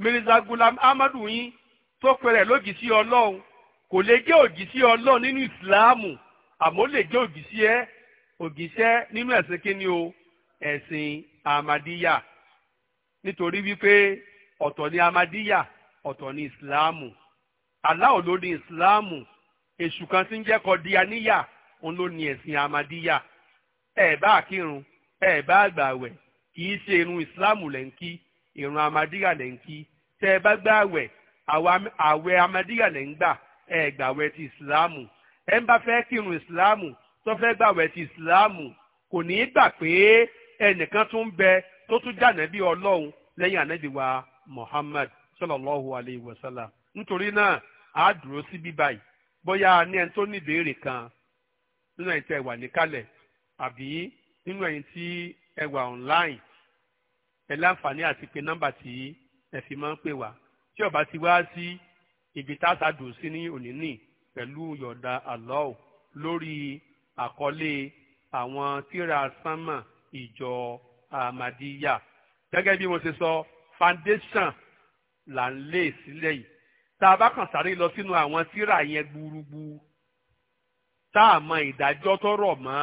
mirza gulam amadu yín tó pẹrẹ lójíṣẹ́ ọlọ́run kò lè jẹ́ òjíṣẹ́ ọlọ́run nínú ìsìláàmù àmọ́ lè jẹ́ òjíṣẹ́ òjíṣẹ́ nínú ẹ̀sìn kínní o ẹ̀sìn amadiya nítorí wípé ọ̀tọ̀ ni amadiya ọ̀tọ̀ ni ìsìláàmù aláwo ló ní ìsìláàmù èṣù kan tí ń jẹ́ kọ́díyaníyà òun ló ní ẹ̀sìn amadiya ẹ̀ bá kírun ẹ̀ bá gbàwẹ̀ kì í ṣe irun ìsìláàmù lẹ́ ìrun amadíyà lẹ̀ ń kí tẹ́ ẹ bá gbà àwẹ̀ àwẹ̀ amadíyà lẹ̀ ń gbà ẹ gbàwẹ̀ ti ìsìláàmù ẹ ń bá fẹ́ kírun ìsìláàmù tó fẹ́ gbàwẹ̀ ti kò ní í gbà pé ẹnìkan tún bẹ tó tún ọlọ́run lẹ́yìn Muhammad sallallahu alayhi wa sallam nítorí náà a dúró sí bí báyìí bóyá ní ẹni kan nínú ẹ̀yin tí ẹ wà níkàlẹ̀ àbí nínú online ẹ láǹfààní àti pé nọ́mbà tí ẹ fi máa ń pè wá tí ọba ti wá sí ibi táta dùn sí ní òní nì pẹ̀lú yọ̀ọ̀da lórí àkọlé àwọn tíra sánmà ìjọ Ahmadiyya gẹ́gẹ́ bí mo ṣe sọ foundation là ń lé sílẹ̀ yìí tá a bá kàn sáré lọ sínú àwọn tíra yẹn gbúrúgbú tá a mọ ìdájọ́ tó rọ̀ mọ́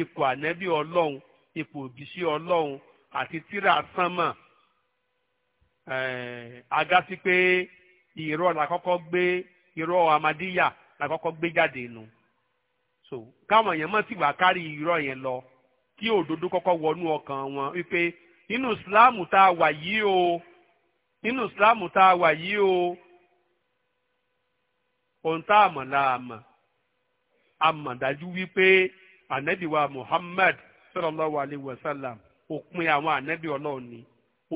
ipò ànẹ́bí ọlọ́run ipò òbíṣẹ́ ọlọ́run àti tírà sánmà agasi pé irọ́ la gbé irọ́ amadíyà la gbé jáde nu so káwọn èèyàn mọ̀ sí wàá kárí irọ́ yẹn lọ kí òdodo kọ́kọ́ wọnú wọn wípé nínú ìsìláàmù tá a wà o nínú ìsìláàmù tá a wà yìí o ohun tá a mọ̀ la mọ̀ a mọ̀ dájú sallallahu alayhi wa òpin àwọn ànábì ọlọ́run ni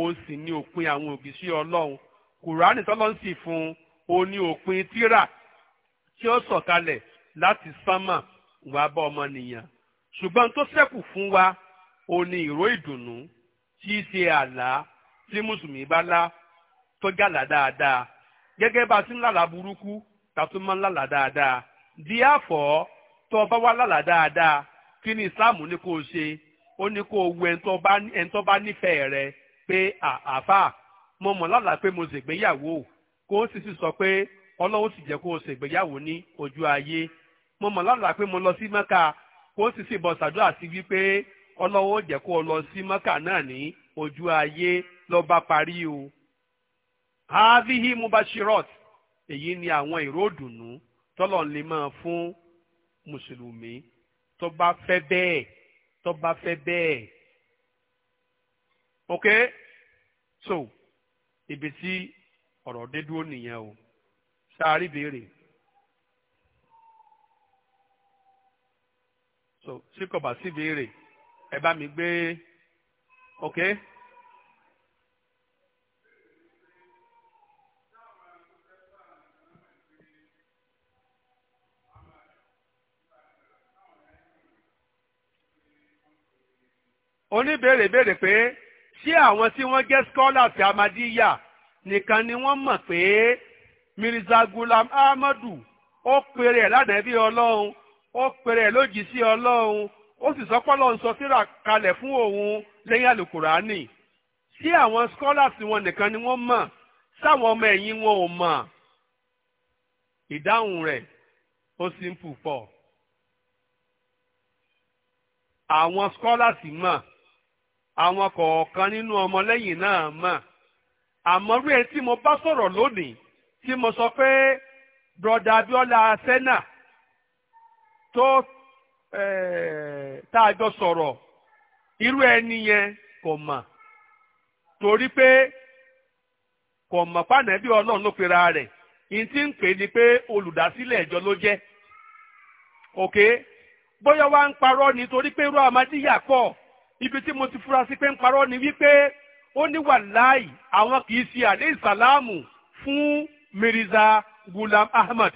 òun sì ni òpin àwọn òbíṣẹ́ ọlọ́run kùránì tọ́lọ́ ń sì fún un òun òpin tírà tí ó sọ̀kalẹ̀ láti sánmà wá bá ọmọnìyàn ṣùgbọ́n tó ṣẹ́kù fún wa òun ni ìró ìdùnnú tí í ṣe àlá tí mùsùlùmí bá lá tó gàlà dáadáa gẹ́gẹ́ bá a ti ń lálàá burúkú tàtún máa ń lálàá dáadáa di àfọ̀ tó o bá wá dáadáa kí ni ìsáàmù ní kó ṣe ó ní kó o wo ẹni tó bá nífẹ̀ẹ́ rẹ pé àáfà mo mọ̀ lálàá pé mo ṣègbéyàwó kó o sì sì sọ pé ọlọ́wọ́ sì jẹ́ kó o ṣègbéyàwó ní ojú ayé mo mọ̀ lálàá pé mo lọ sí mẹ́ka kó o sì sì bọ̀ sàdúrà sí wípé ọlọ́wọ́ jẹ́ kó o lọ sí mẹ́ka náà ní ojú ayé ló bá parí o. havihi mubashirot èyí ni àwọn ìró ìdùnnú tọ́lọ̀ ń lè máa fún mùsùlùmí tó bá fẹ́ bẹ́ẹ̀ tó bá fẹ́ ok so ibi tí ọ̀rọ̀ dé dúró nìyẹn o sáárì béèrè so síkọ̀bà sí béèrè ẹ bá mi gbé ok. oníbèrè béèrè pé ṣé àwọn tí wọ́n jẹ́ scholars amadiya nìkan ni wọ́n mọ̀ pé Mirza Gulam Ahmadu ó pèrè ẹ̀ lánàbí ọlọ́run ó pèrè ẹ̀ lójì sí ọlọ́run ó sì sọ pọ́lọ́ ń sọ síra kalẹ̀ fún òun lẹ́yìn àlùkùránì ṣé àwọn scholars wọn nìkan ni wọ́n mọ̀ sáwọn ọmọ ẹ̀yìn wọn ò mọ̀ ìdáhùn rẹ̀ ó simple pọ̀ àwọn scholars mọ̀. àwọn kọ̀ọ̀kan nínú ọmọlẹ́yìn náà mọ̀ àmọ́ rí ẹ tí mo bá sọ̀rọ̀ lónìí tí mo sọ pé broda Abiola Sena tó tá a jọ sọ̀rọ̀ irú ẹni yẹn kò mọ̀ torí pé kò mọ̀ pànẹ́bí Ọlọ́run ló pera rẹ̀ n ti ń pè ní pé olùdásílẹ̀ ìjọ ló jẹ́ òkè bóyá wá ń parọ́ nítorí pé irú àmàdíyà pọ̀. ibi tí mo ti fura sí pé ń parọ́ ni wípé ó ní wàláì àwọn kì í ṣe àlẹ́ ìsàlámù fún Mirza Gulam ahmed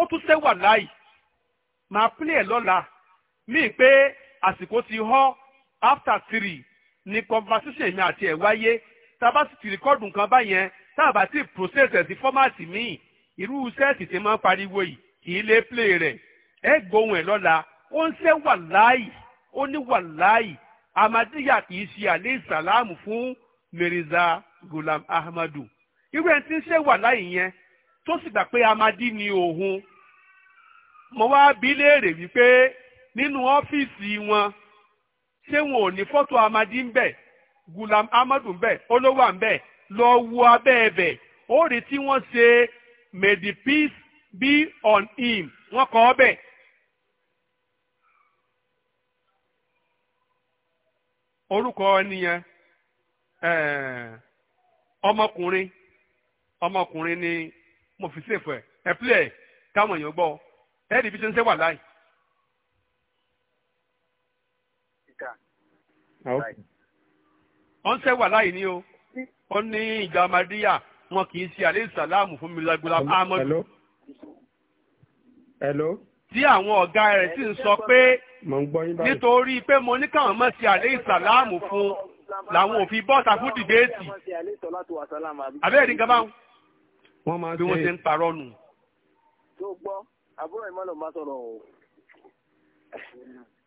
ó tún ṣe wàláì máa pílẹ̀ ẹ̀ lọ́la míì pé àsìkò ti họ́ after three ni conversation mi àti ẹ̀ wáyé tábà sì ti rìkọ́dù nǹkan báyẹn tábà sì process ẹ̀ sí fọ́máàtì míì irú sẹ́ẹ̀tì tí máa ń pariwo yìí kì í lé play rẹ̀ ẹ gbóhùn ẹ̀ lọ́la ó ń ṣe wàláì ó ní wàláì amadiya kì í ṣe àlẹ́ ìsàlámù fún mirza gulam ahmadu irú ẹni tí ń ṣe wà láì yẹn tó sì gbà pé amadi ni òun mo wá bi léèrè wípé nínú ọ́fíìsì wọn ṣé wọn ò ní fọ́tò amadi ń bẹ̀ gulam ahmadu ń bẹ̀ olówó à ń bẹ̀ lọ wo abẹ́ ẹ bẹ̀ ó rí tí wọ́n ṣe may the peace be on him wọ́n kọ́ ọ bẹ́ẹ̀ orúkọ ẹnìyẹn eh, ọmọkùnrin ọmọkùnrin ni mo fi ṣèfọ ẹ ẹ pílẹ̀ káwọn èèyàn gbọ́ ẹ rí ibi tí ń ṣe wà láì. ó ń ṣe wà láì ní o ó ní ìgbà Màríyà wọn kì í ṣe àlẹ́ ìsàlámù fún mi lágbóla Ahmadu. tí àwọn ọ̀gá rẹ̀ sì ń sọ pé. nítorí pé mo ní káwọn mọ̀ sí àlẹ́ ìsàlámù fún làwọn òfin bọ́ọ̀tà fún dìbéètì abẹ́rẹ́ nǹkan bá wọn máa bí wọ́n ṣe ń parọ́ nù. tó gbọ́ àbúrò ìmọ̀lẹ̀ bá sọ̀rọ̀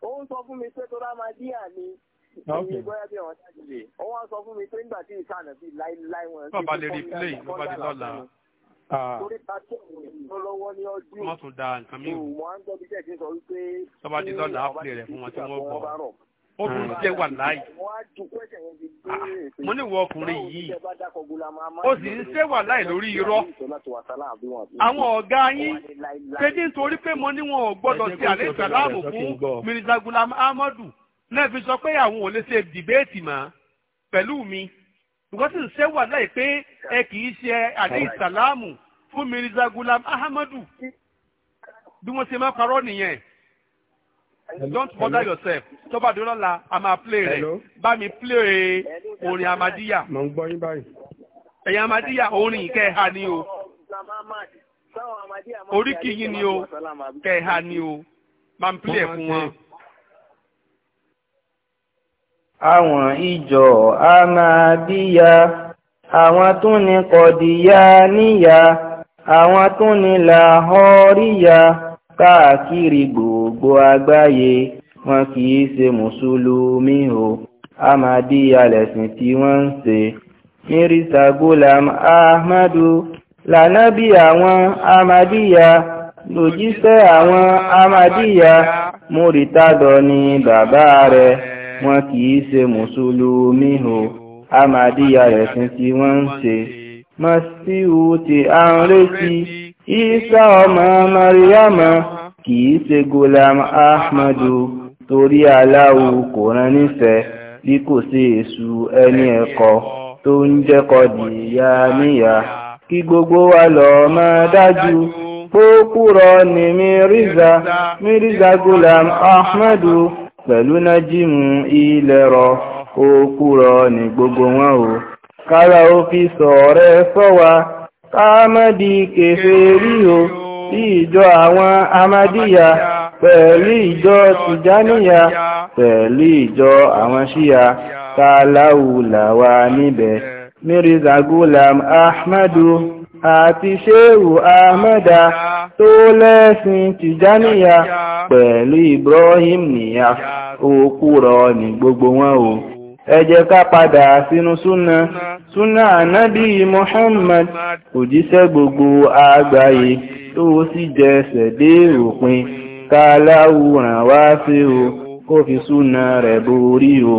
o ó ń sọ fún mi pé tó bá máa dí àní ìyẹn bóyá bí ọ̀hún ṣáàjì lè ó wá sọ fún mi pé nígbà tí ìsànà bíi láéláé wọn. bọ́ọ̀ lè rí play bọ́ọ̀ bá lè lọ́la. Ah. torí pàṣẹ lọ́wọ́ ní ọdún wọ́n tún da nǹkan mí wò wọ́n á ń dọ́bi jẹ́ kí n sọ wípé tọ́ba di lọ́la ápìlẹ̀ rẹ̀ fún wọn tí wọ́n bọ̀ ó tún ah. jẹ́ wà láàyè ah, mo ní wọ ọkùnrin yìí ó sì ń ṣe wà láì lórí irọ́ àwọn ọ̀gá yín ṣèdí nítorí pé mo ní wọn ò gbọ́dọ̀ ṣe àlẹ́ ìsàlámù fún Mirza Gulam Ahmadu náà fi sọ pé àwọn ò lè ṣe dìbéètì mọ́ pẹ̀lú mi because it ṣe wà láì pé ẹ kì í ṣe àdé ìsàlámù fún Mirza Gulam Ahmadu bí wọ́n ṣe máa parọ́ nìyẹn don't bother yourself tó bá dé I'm a player. play rẹ̀ bá mi play orin amadiya ẹ̀yin amadiya orin kẹ́ẹ̀ha ni o oríkì yín ni o kẹ́ẹ̀ha ni o máa ń play fún wọn àwọn ìjọ amadíyà àwọn tún ní kọ̀díyà níyà àwọn tún ní làhọ́ríyà káàkiri gbogbo àgbáyé wọn kì í ṣe mùsùlùmí o amadíyà lẹ̀sìn tí wọ́n ń ṣe mírísà gulam ahmadu lànábì àwọn amadíyà lòjíṣẹ́ àwọn amadíyà múrítàdọ̀ ni bàbá rẹ̀ wọn kì í ṣe mùsùlùmí o amadiya ẹ̀sìn tí wọ́n ń ṣe masihu tí a ń retí isa ọmọ mariama kì í ṣe gulam ahmadu torí aláwo kò rán nífẹ̀ẹ́ bí kò sí èṣù ẹni ẹ̀kọ́ tó ń jẹ́kọ̀ dìyà níyà kí gbogbo wa lọ máa dájú pókúrọ ní mírízà mírízà gulam ahmadu pẹ̀lú nájímù ilẹ̀rọ okúrọ ní gbogbo wọn o kára ó fi sọ̀rẹ́ sọ́wa káàmọ́dì kèfèé rí o sí ìjọ àwọn amadíyà pẹ̀lú ìjọ tìjáníyà pẹ̀lú ìjọ àwọn ṣíyà káàláwùláwà níbẹ̀ Mirza Gulam àti Shehu Ahmada tó lẹ́sìn tìjáníyà pẹ̀lú Ibrahim nìyà òkú rọ ní gbogbo wọn o ẹ jẹ́ ká padà sínú súnà súnà ànábì kò jíṣẹ́ gbogbo àgbáyé tó sì jẹsẹ̀ dé òpin káláwùrán wá sí o kó fi súnà rẹ̀ borí o.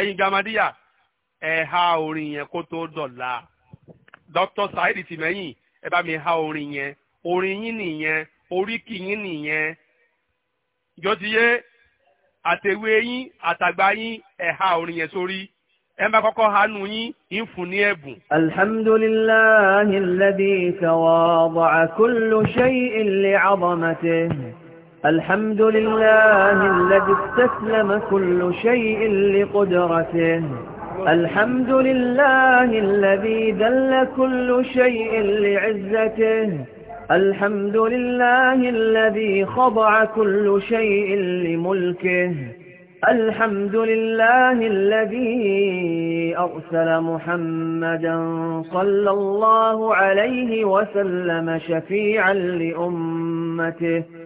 ẹ̀yin gamadíyà ẹ há orin yẹn kó tó dọ̀la Dr. Saheed tìmẹ́yìn ẹ bá mi há orin yẹn. orin yín nìyẹn oríkì yín nìyẹn yé àtẹ̀wé yín àtàgbà yín ẹ̀ha orin yẹn sórí ẹ bá kọ́kọ́ hanu yín ń fún ní ẹ̀bùn. alhamdulillahi alladhi tawada'a kullu shay'in li'azamatihi. الحمد لله الذي استسلم كل شيء لقدرته الحمد لله الذي دل كل شيء لعزته الحمد لله الذي خضع كل شيء لملكه الحمد لله الذي أرسل محمدا صلى الله عليه وسلم شفيعا لأمته